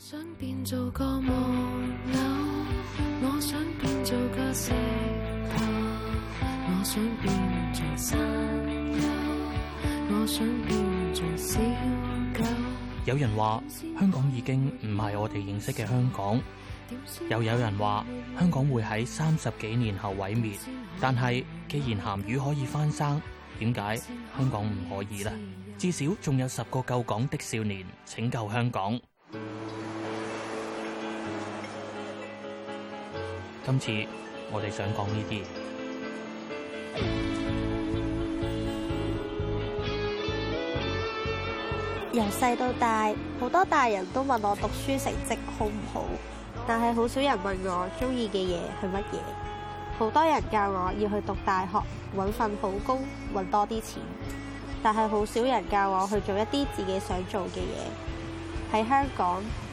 我想變做個木偶，我想變做個石頭，我想變做山丘，我想變做小狗。有人話香港已經唔係我哋認識嘅香港，又有人話香港會喺三十幾年後毀滅。但係既然鹹魚可以翻生，點解香港唔可以呢？至少仲有十個救港的少年拯救香港。今次我哋想講呢啲。由細到大，好多大人都問我讀書成績好唔好，但係好少人問我中意嘅嘢係乜嘢。好多人教我要去讀大學，揾份好工，揾多啲錢，但係好少人教我去做一啲自己想做嘅嘢。喺香港。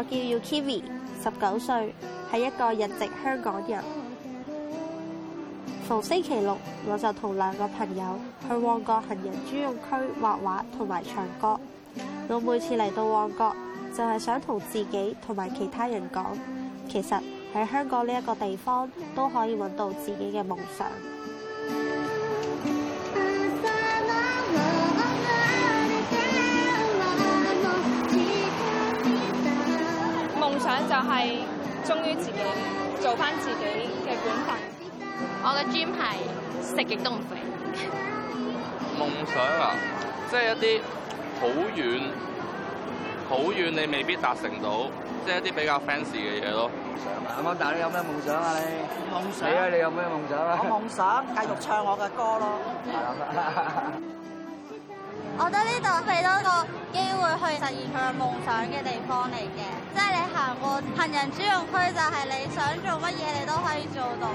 我叫 Yukimi，十九歲，係一個日籍香港人。逢星期六，我就同兩個朋友去旺角行人專用區畫畫同埋唱歌。我每次嚟到旺角，就係想同自己同埋其他人講，其實喺香港呢一個地方都可以揾到自己嘅夢想。想就係終於自己做翻自己嘅本分。我嘅 dream 係食極都唔肥。夢想啊，即係一啲好遠、好遠，你未必達成到，即係一啲比較 fancy 嘅嘢咯。夢想啊！阿安達，你有咩夢想啊？你夢想啊？你啊，你有咩夢想啊？我夢想繼續唱我嘅歌咯。嗯、 我覺得呢度俾多個機會去實現佢嘅夢想嘅地方嚟嘅。即係你行過行人專用區，就係你想做乜嘢，你都可以做到。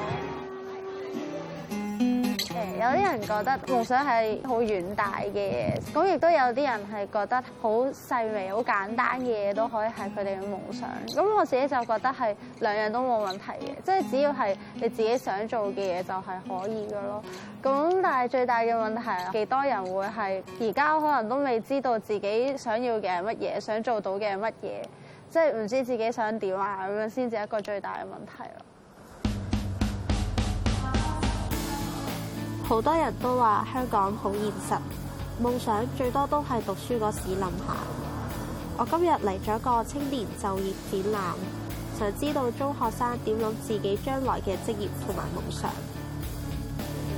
誒，okay. 有啲人覺得夢想係好遠大嘅嘢，咁亦都有啲人係覺得好細微、好簡單嘅嘢都可以係佢哋嘅夢想。咁我自己就覺得係兩樣都冇問題嘅，即係只要係你自己想做嘅嘢就係可以噶咯。咁但係最大嘅問題係，幾多人會係而家可能都未知道自己想要嘅係乜嘢，想做到嘅係乜嘢。即係唔知自己想點啊，咁樣先至係一個最大嘅問題咯。好多人都話香港好現實，夢想最多都係讀書嗰時諗下。我今日嚟咗個青年就業展覽，想知道中學生點諗自己將來嘅職業同埋夢想。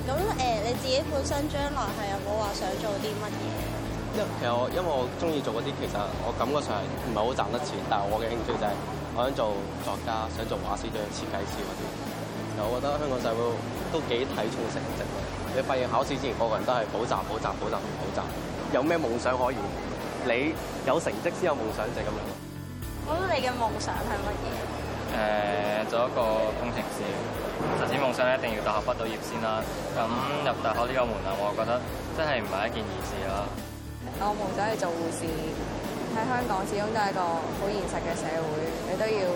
咁誒，你自己本身將來係有冇話想做啲乜嘢？其實我因為我中意做嗰啲，其實我感覺上唔係好賺得錢，但係我嘅興趣就係我想做作家，想做畫師、設計師嗰啲。其實我覺得香港社會都幾睇重成績，你發現考試之前，個個人都係補習、補習、補習、補習，補習補習有咩夢想可以？你有成績先有夢想，就係咁。咁你嘅夢想係乜嘢？誒，做一個工程師。實踐夢想一定要大學畢到業先啦。咁入大學呢個門檻，我覺得真係唔係一件易事啦。我夢想去做護士，喺香港始終都係一個好現實嘅社會，你都要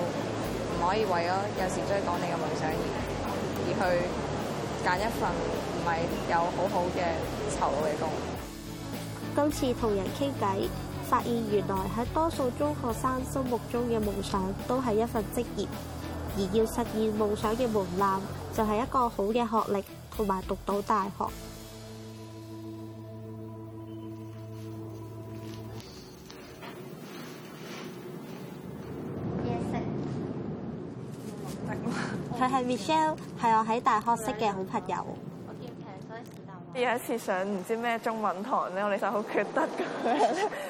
唔可以為咗有時追趕你嘅夢想而去揀一份唔係有好好嘅酬勞嘅工。今次同人傾偈，發現原來喺多數中學生心目中嘅夢想都係一份職業，而要實現夢想嘅門檻就係一個好嘅學歷同埋讀到大學。Michelle 係我喺大學識嘅好朋友。我見其實所以時就。有一次上唔知咩中文堂咧，我哋就好缺德咁樣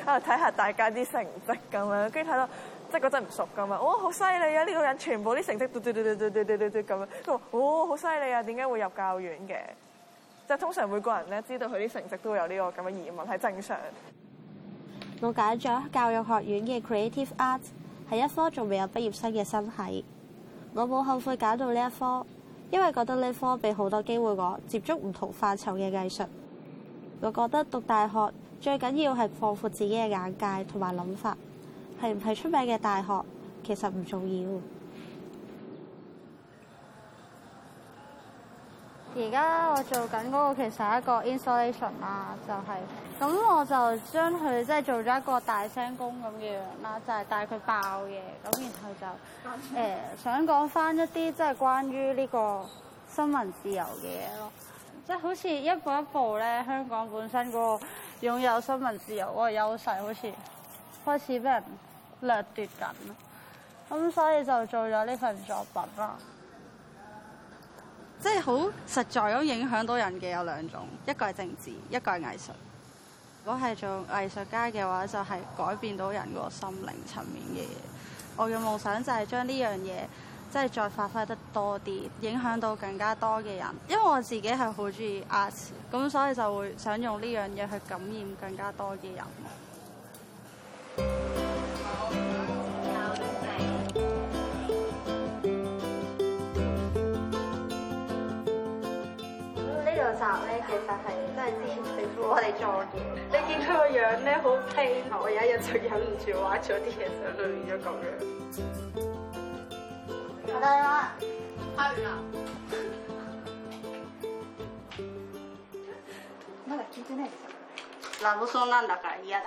喺度睇下大家啲成績咁樣，跟住睇到即係嗰陣唔熟咁啊！哦，好犀利啊！呢、這個人全部啲成績嘟嘟嘟嘟嘟嘟嘟嘟咁樣，我哇好犀利啊！點、哦、解會入教院嘅？即係通常每個人咧知道佢啲成績都會有呢個咁嘅疑問，係正常。我解咗教育學院嘅 Creative Arts 係一科仲未有畢業生嘅新系。我冇後悔揀到呢一科，因為覺得呢科俾好多機會我接觸唔同範疇嘅藝術。我覺得讀大學最緊要係放闊自己嘅眼界同埋諗法，係唔係出名嘅大學其實唔重要。而家我在做緊嗰個其實係一個 installation 啦，就係、是、咁我就將佢即係做咗一個大聲公咁嘅樣啦，就係帶佢爆嘅。咁然後就誒、呃、想講翻一啲即係關於呢個新聞自由嘅嘢咯，即係 好似一步一步咧，香港本身嗰個擁有新聞自由嗰個優勢好似開始俾人掠奪緊，咁所以就做咗呢份作品啦。即係好實在咁影響到人嘅有兩種，一個係政治，一個係藝術。如果係做藝術家嘅話，就係改變到人個心靈層面嘅嘢。我嘅夢想就係將呢樣嘢即係再發揮得多啲，影響到更加多嘅人。因為我自己係好中意 art，咁所以就會想用呢樣嘢去感染更加多嘅人。其實係真係啲政府我哋做嘅。你見佢個樣咧好 pain。我有一日就忍唔住畫咗啲嘢上去變咗咁樣。阿丹啊！阿雲啊！乜嚟嘅啫咩？難不送啦，大家依家。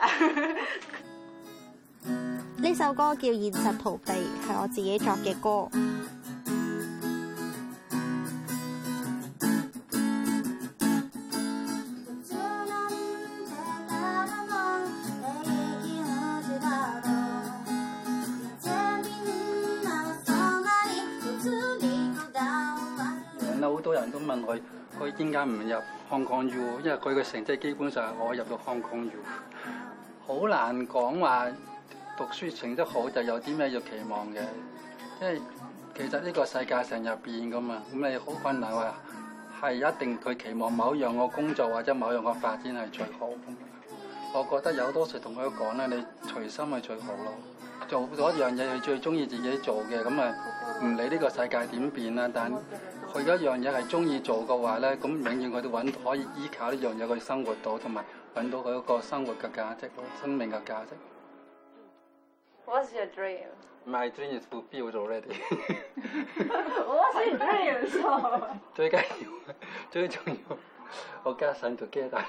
呢首歌叫《現實逃避》，係我自己作嘅歌。唔入 Hong Kong U，因為佢個成績基本上我入到 Hong Kong U，好難講話讀書成績好就有啲咩要期望嘅，因為其實呢個世界成日變㗎嘛，咁你好困難話係一定佢期望某樣個工作或者某樣個發展係最好。我覺得有多時同佢講咧，你隨心係最好咯，做嗰樣嘢係最中意自己做嘅，咁啊唔理呢個世界點變啦，但。佢而家樣嘢係中意做嘅話咧，咁永遠佢都揾可以依靠呢樣嘢去生活到，同埋揾到佢一個生活嘅價值咯，生命嘅價值。What's your dream? My dream is to build already. What's your dream? 最緊要，最重要，我家上做雞蛋。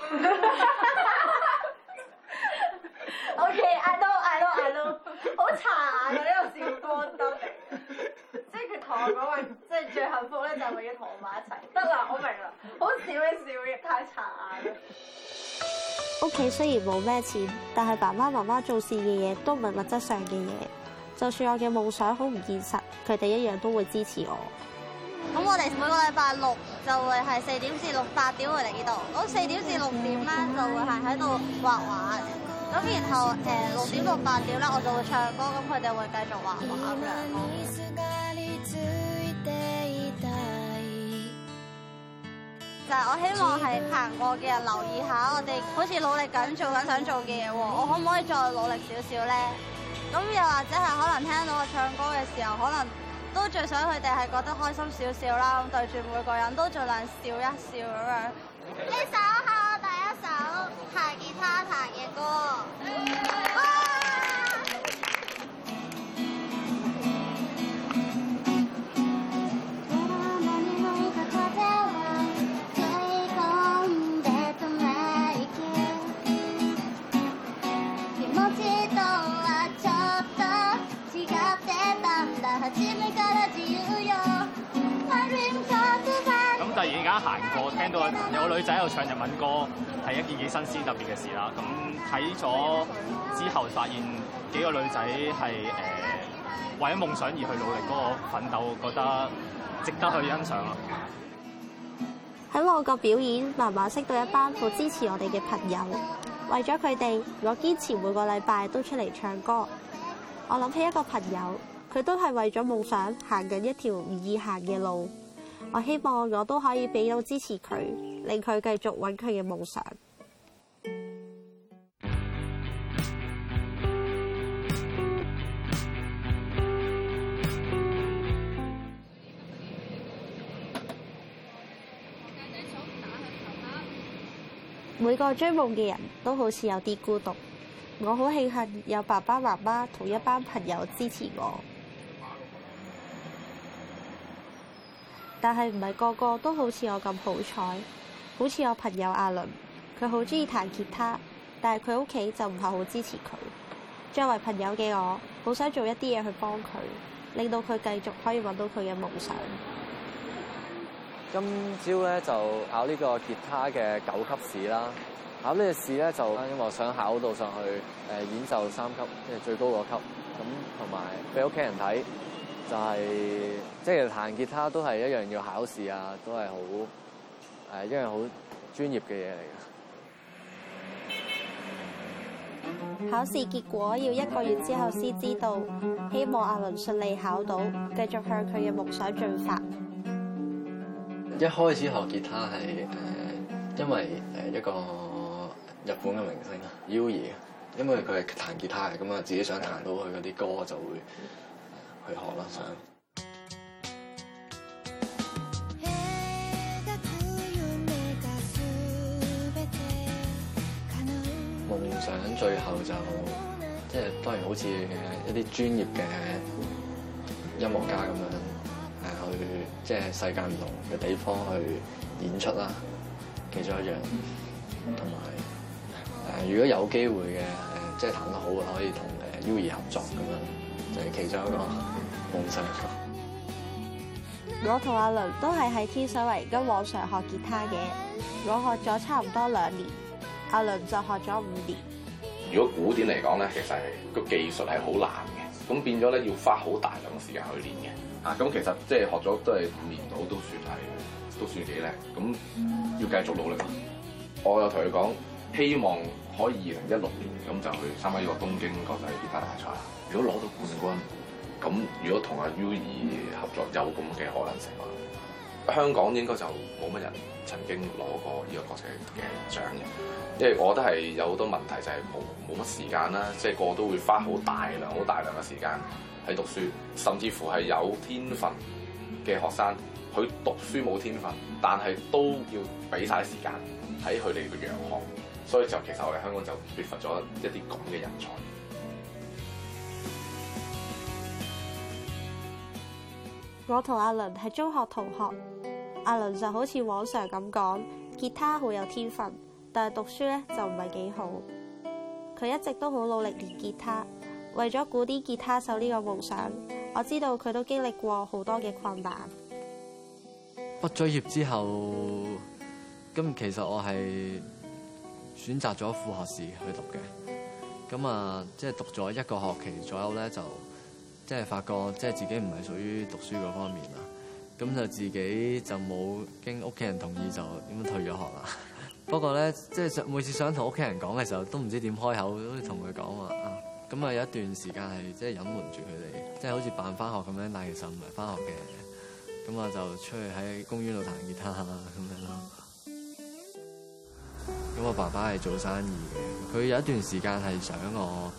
OK，I know, I know, I know. 好殘啊！呢個笑光燈嚟嘅即係佢同我講話。即係 最幸福咧，就係要同我媽一齊。得啦，我明啦，好笑嘅笑嘅，太殘忍。屋企 雖然冇咩錢，但係爸爸媽媽做事嘅嘢都唔係物質上嘅嘢。就算我嘅夢想好唔現實，佢哋一樣都會支持我。咁 我哋每個禮拜六就會係四點至六八點會嚟呢度。咁四點至六點咧就會係喺度畫畫。咁然後誒六點到八點咧，我就會唱歌。咁佢哋會繼續畫畫咁樣就我希望係行過嘅人留意下我哋，好似努力緊做緊想做嘅嘢，我可唔可以再努力少少咧？咁又或者係可能聽到我唱歌嘅時候，可能都最想佢哋係覺得開心少少啦，咁對住每個人都盡量笑一笑咁樣。呢首係我第一首彈吉他彈嘅歌。行過，聽到有女仔喺度唱日文歌，係一件幾新鮮、特別嘅事啦。咁睇咗之後，發現幾個女仔係誒，為咗夢想而去努力嗰個奮鬥，我覺得值得去欣賞咯。喺我個表演，慢慢識到一班好支持我哋嘅朋友，為咗佢哋，我堅持每個禮拜都出嚟唱歌。我諗起一個朋友，佢都係為咗夢想行緊一條唔易行嘅路。我希望我都可以俾到支持佢，令佢繼續搵佢嘅夢想。 每個追夢嘅人都好似有啲孤獨。我好慶幸有爸爸媽媽同一班朋友支持我。但係唔係個個都好似我咁好彩，好似我朋友阿倫，佢好中意彈吉他，但係佢屋企就唔係好支持佢。作為朋友嘅我，好想做一啲嘢去幫佢，令到佢繼續可以揾到佢嘅夢想。今朝咧就考呢個吉他嘅九級試啦。考呢個試咧就因為我想考到上去誒演奏三級，即係最高嗰級。咁同埋俾屋企人睇。就係即係彈吉他都係一樣要考試啊，都係好誒一樣好專業嘅嘢嚟嘅。考試結果要一個月之後先知道，希望阿倫順利考到，繼續向佢嘅夢想進發。 一開始學吉他係誒，因為誒一個日本嘅明星啊，YUI 啊，YUI，因為佢係彈吉他嘅咁啊，自己想彈到佢嗰啲歌就會。去學啦，想夢想 最後就即係當然好似一啲專業嘅音樂家咁樣，係去即係世界唔同嘅地方去演出啦。其中一樣，同埋誒，如果有機會嘅即係彈得好嘅，可以同誒 U2 合作咁樣，就係、是、其中一個。 我同阿倫都係喺天水圍跟網上學吉他嘅，我學咗差唔多兩年，阿倫就學咗五年。如果古典嚟講咧，其實個技術係好難嘅，咁變咗咧要花好大量嘅時間去練嘅。咁、啊、其實即係學咗都係五年到，都算係，都算幾叻，咁要繼續努力。我又同佢講，希望可以二零一六年咁就去參加呢個東京國際吉他大賽，如果攞到冠軍。咁如果同阿 U 二合作有咁嘅可能性嘛？香港應該就冇乜人曾經攞過呢個角色嘅獎嘅，因為我覺得係有好多問題就係冇冇乜時間啦，即係個都會花好大量好大量嘅時間喺讀書，甚至乎係有天分嘅學生，佢讀書冇天分，但係都要俾晒時間喺佢哋嘅洋學，所以就其實我哋香港就缺乏咗一啲咁嘅人才。我同阿倫係中學同學，阿倫就好似往常咁講，吉他好有天分，但係讀書咧就唔係幾好。佢一直都好努力練吉他，為咗古典吉他手呢個夢想。我知道佢都經歷過好多嘅困難。畢咗業之後，咁其實我係選擇咗副學士去讀嘅，咁啊即係讀咗一個學期左右咧就。即係發覺，即係自己唔係屬於讀書嗰方面啦，咁就自己就冇經屋企人同意就點樣退咗學啦。 不過咧，即係每次想同屋企人講嘅時候，都唔知點開口，都同佢講話啊。咁啊有一段時間係即係隱瞞住佢哋，即係好似扮返學咁樣，但係其實唔係返學嘅。咁我就出去喺公園度彈吉他啦，咁樣咯。咁我爸爸係做生意嘅，佢有一段時間係想我。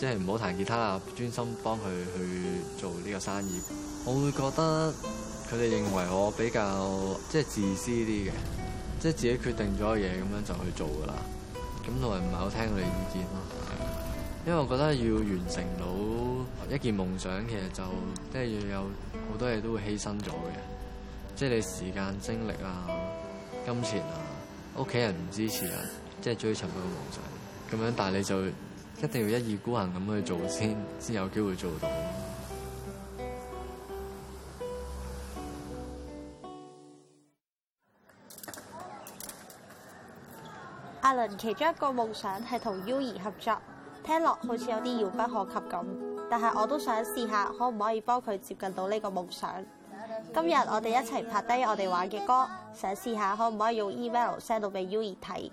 即係唔好彈吉他啊！專心幫佢去做呢個生意。我會覺得佢哋認為我比較即係自私啲嘅，即係自己決定咗嘅嘢咁樣就去做㗎啦。咁同埋唔係好聽佢哋意見咯。因為我覺得要完成到一件夢想，其實就即係要有好多嘢都會犧牲咗嘅。即係你時間、精力啊、金錢啊、屋企人唔支持啊，即係追尋嗰個夢想咁樣，但係你就，一定要一意孤行咁去做先，先有機會做到。阿倫其中一個夢想係同 YUI 合作，聽落好似有啲遙不可及咁，但係我都想試下，可唔可以幫佢接近到呢個夢想？今日我哋一齊拍低我哋玩嘅歌，想試下可唔可以用 email send 到俾 YUI 睇。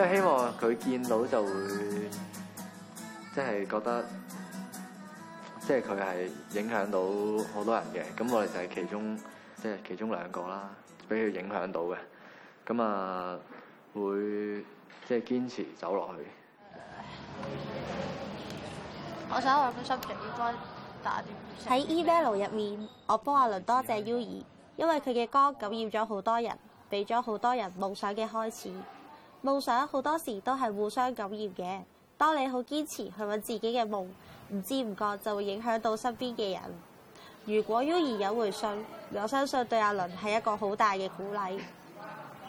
即係希望佢見到就會，即係覺得即係佢係影響到好多人嘅。咁我哋就係其中即係其中兩個啦，俾佢影響到嘅。咁啊，會即係堅持走落去。我想話番心情應該打。喺 Evel 入面，我幫阿倫多謝 U E，因為佢嘅歌感染咗好多人，俾咗好多人夢想嘅開始。夢想好多時都係互相感染嘅。當你好堅持去揾自己嘅夢，唔知唔覺就會影響到身邊嘅人。如果於而有回信，我相信對阿倫係一個好大嘅鼓勵。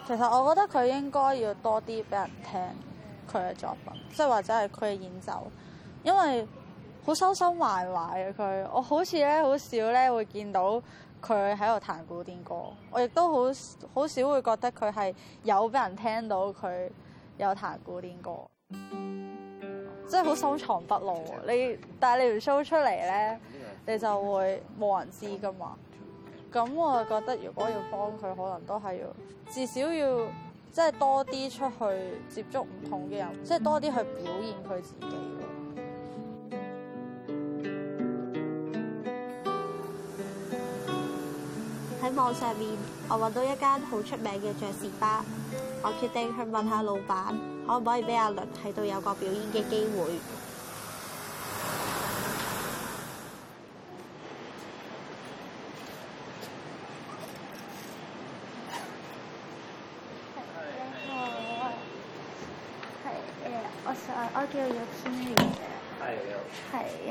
其實我覺得佢應該要多啲俾人聽佢嘅作品，即係或者係佢嘅演奏，因為好收收埋埋嘅佢。我好似咧好少咧會見到。佢喺度彈古典歌，我亦都好好少會覺得佢係有俾人聽到佢有彈古典歌，即係好深藏不露。你但係你唔 show 出嚟咧，你就會冇人知噶嘛。咁我就覺得，如果要幫佢，可能都係要至少要即係多啲出去接觸唔同嘅人，即係多啲去表現佢自己。喺網上面我揾到一間好出名嘅爵士吧，我決定去問下老闆，可唔可以俾阿倫睇到有個表演嘅機會。係你好。係我想我叫楊思明。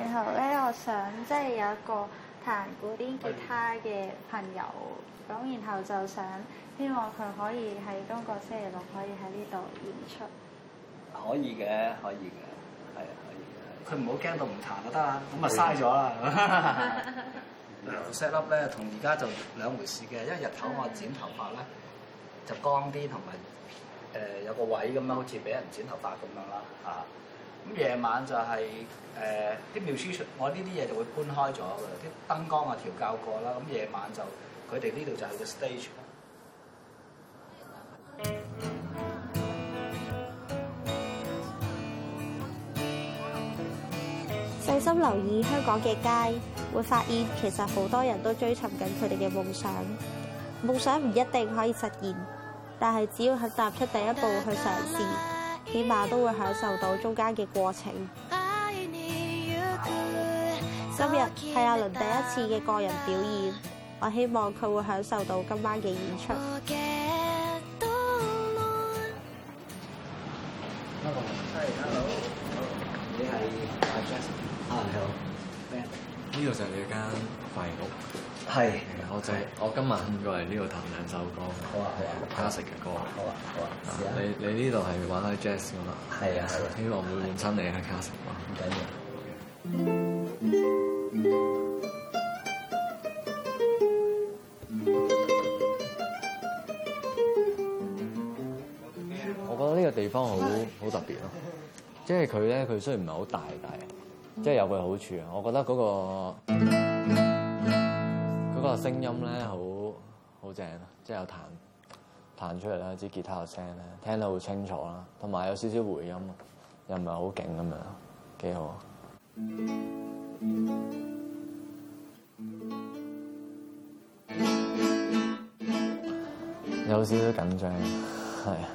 然後咧，我想即係有一個。彈古典吉他嘅朋友，咁的然後就想希望佢可以喺今個星期六可以喺呢度演出。可以嘅，可以嘅，係可以嘅。佢唔好驚到唔彈就得啦，咁咪嘥咗啦。set up 咧同而家就兩回事嘅，因為日頭我的剪頭髮咧就光啲，同埋誒有個位咁樣，好似俾人剪頭髮咁樣啦，嚇。咁夜晚就係誒啲 music show，我呢啲嘢就會搬開咗啲燈光啊，調校過啦。咁、嗯、夜晚就佢哋呢度就係個 stage。細心留意香港嘅街，會發現其實好多人都追尋緊佢哋嘅夢想。夢想唔一定可以實現，但係只要係踏出第一步去嘗試。起碼都會享受到中間嘅過程。今日係阿倫第一次嘅個人表演，我希望佢會享受到今晚嘅演出。Hello，你係？Hello，h e l 咩？呢度就係你間快活屋。係，是我就係是我今晚過嚟呢度彈兩首歌。好啊，係啊，卡什嘅歌。好啊，好啊。你你呢度係玩緊 jazz 㗎嘛？係啊，希望會換親你、啊、係卡什嘛。唔緊要。我覺得呢個地方好好特別咯，即係佢咧，佢雖然唔係好大，但係即係有個好處啊。我覺得嗰個。嗯個聲音咧，好好正，即係有彈彈出嚟啦。支吉他嘅聲咧，聽得好清楚啦，同埋有少少回音，又唔係好勁咁樣，幾好。有少少緊張，係啊，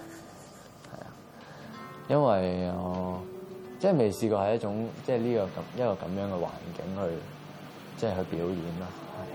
係啊，因為我即係未試過係一種即係、這、呢個咁一個咁樣嘅環境去，即係去表演啦。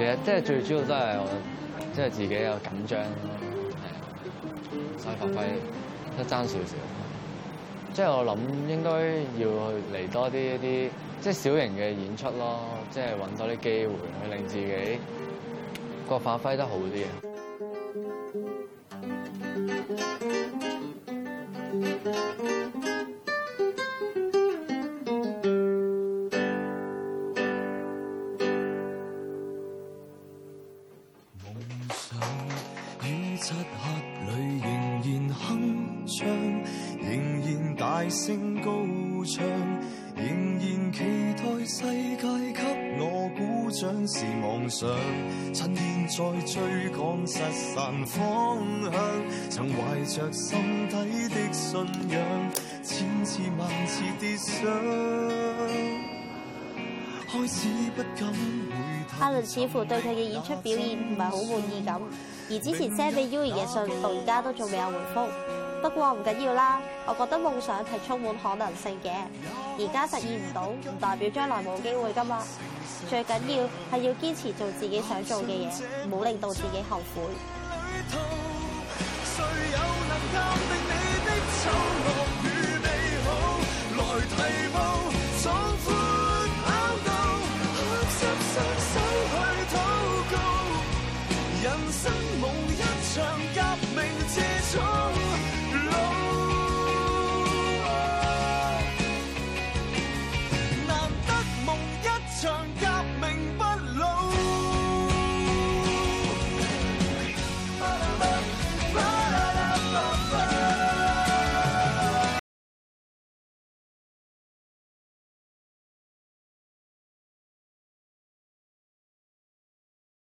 其實即係最主要都係我，即係自己有緊張咯，係，所以發揮得爭少少。即係我諗應該要去嚟多啲一啲，即係小型嘅演出咯，即係揾多啲機會去令自己個發揮得好啲。像是夢想，趁現在追趕失散方向，曾懷着心底的信仰，千次萬次跌傷，開始不敢回頭。阿倫似乎對佢嘅演出表現唔係好滿意咁，而之前寫俾 U R 嘅信到而家都仲未有回覆不過唔緊要啦，我覺得夢想係充滿可能性嘅，而家實現唔到唔代表將來冇機會噶嘛。最緊要係要堅持做自己想做嘅嘢，唔好令到自己後悔。